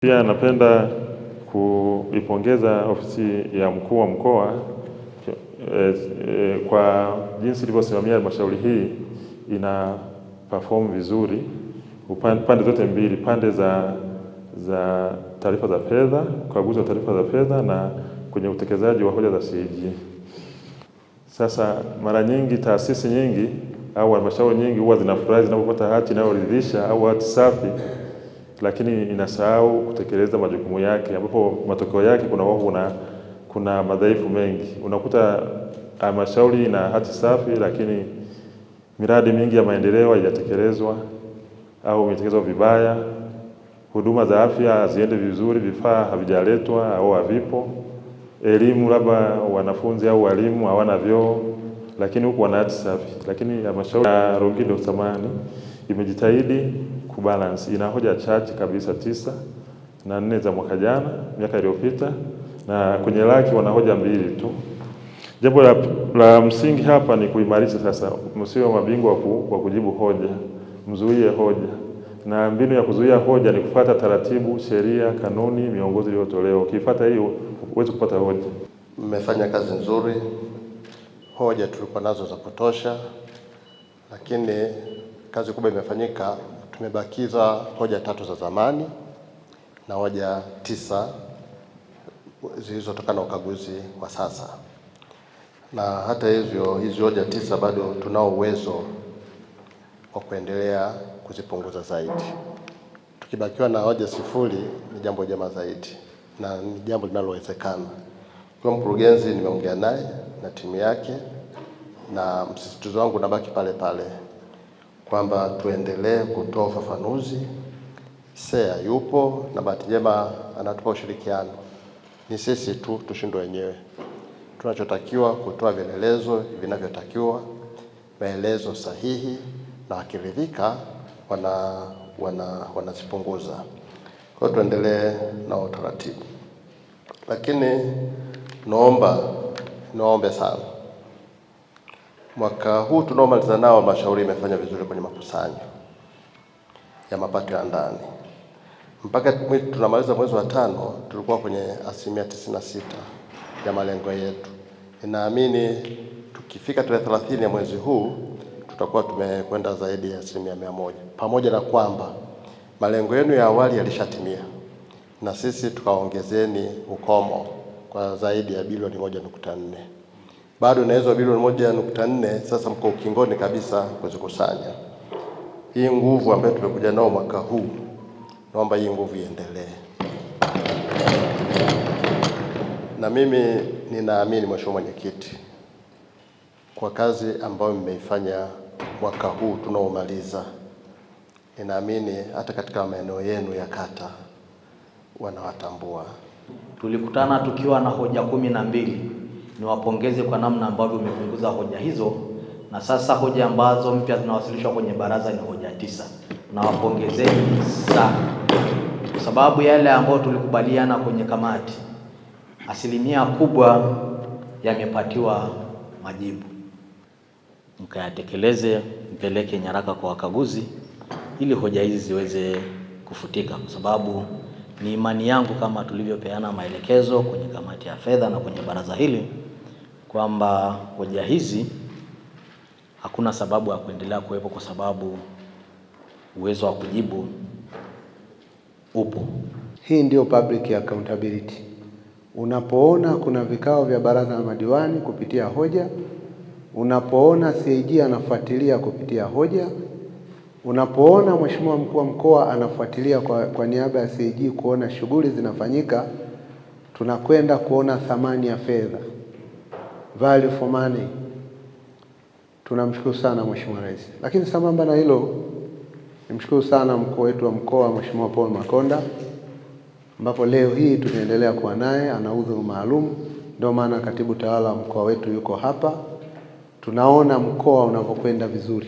Pia napenda kuipongeza ofisi ya mkuu wa mkoa e, e, kwa jinsi ilivyosimamia halmashauri hii. Ina perform vizuri upande, pande zote mbili, pande za za taarifa za fedha, ukaguzi wa taarifa za fedha na kwenye utekelezaji wa hoja za CAG. Sasa mara nyingi taasisi nyingi au halmashauri nyingi huwa zinafurahi zinapopata hati inayoridhisha au hati safi lakini inasahau kutekeleza majukumu yake, ambapo matokeo yake kuna kuna, kuna madhaifu mengi. Unakuta ah, halmashauri ina hati safi, lakini miradi mingi ya maendeleo haijatekelezwa au imetekelezwa vibaya, huduma za afya haziende vizuri, vifaa havijaletwa au havipo, elimu labda wanafunzi au walimu hawana vyoo, lakini huku wana hati safi. Lakini halmashauri ya Longido samani imejitahidi kubalance. Ina hoja chache kabisa, tisa na nne za mwaka jana, miaka iliyopita, na kwenye laki wana hoja mbili tu. Jambo la, la msingi hapa ni kuimarisha sasa, msiwe mabingwa wa kujibu hoja, mzuie hoja, na mbinu ya kuzuia hoja ni kufuata taratibu, sheria, kanuni, miongozo iliyotolewa. Ukifuata hiyo huwezi kupata hoja. Mmefanya kazi nzuri, hoja tulikuwa nazo za kutosha, lakini kazi kubwa imefanyika tumebakiza hoja tatu za zamani na hoja tisa zilizotokana na ukaguzi wa sasa. Na hata hivyo, hizi hoja tisa bado tunao uwezo wa kuendelea kuzipunguza zaidi. Tukibakiwa na hoja sifuri ni jambo jema zaidi na ni jambo linalowezekana. Kwa mkurugenzi, nimeongea naye na timu yake na msisitizo wangu unabaki pale pale kwamba tuendelee kutoa ufafanuzi. SEA yupo na bahati njema anatupa ushirikiano, ni sisi tu tushindwe wenyewe. Tunachotakiwa kutoa vielelezo vinavyotakiwa, maelezo sahihi, na wakiridhika wana wanazipunguza wana. Kwa hiyo tuendelee na utaratibu, lakini naomba naombe sana Mwaka huu tunaomaliza nao, halmashauri imefanya vizuri kwenye makusanyo ya mapato ya ndani mpaka tunamaliza mwezi wa tano, tulikuwa kwenye asilimia tisini na sita ya malengo yetu. Ninaamini tukifika tarehe thelathini ya mwezi huu tutakuwa tumekwenda zaidi ya asilimia mia moja pamoja na kwamba malengo yenu ya awali yalishatimia na sisi tukaongezeni ukomo kwa zaidi ya bilioni moja nukta nne bado inaweza bilioni moja nukta nne sasa mko ukingoni kabisa kuzikusanya. Hii nguvu ambayo tumekuja nao mwaka huu, naomba hii nguvu iendelee, na mimi ninaamini Mheshimiwa Mwenyekiti, kwa kazi ambayo mmeifanya mwaka huu tunaomaliza, ninaamini hata katika maeneo yenu ya kata wanawatambua. Tulikutana tukiwa na hoja kumi na mbili niwapongeze kwa namna ambavyo umepunguza hoja hizo, na sasa hoja ambazo mpya zinawasilishwa kwenye baraza ni hoja tisa. Nawapongezeni sana kwa sababu yale ambayo tulikubaliana kwenye kamati asilimia kubwa yamepatiwa majibu, mkayatekeleze, mpeleke nyaraka kwa wakaguzi ili hoja hizi ziweze kufutika kwa sababu ni imani yangu kama tulivyopeana maelekezo kwenye kamati ya fedha na kwenye baraza hili kwamba hoja hizi hakuna sababu ya kuendelea kuwepo kwa sababu uwezo wa kujibu upo. Hii ndio public accountability. Unapoona kuna vikao vya baraza la madiwani kupitia hoja, unapoona CAG anafuatilia kupitia hoja Unapoona mheshimiwa mkuu wa mkoa anafuatilia kwa, kwa niaba ya CAG kuona shughuli zinafanyika, tunakwenda kuona thamani ya fedha, value for money. Tunamshukuru sana mheshimiwa rais, lakini sambamba na hilo nimshukuru sana mkuu wetu wa mkoa mheshimiwa Paul Makonda, ambapo leo hii tunaendelea kuwa naye, ana udhuru maalum, ndio maana katibu tawala wa mkoa wetu yuko hapa. Tunaona mkoa unavyokwenda vizuri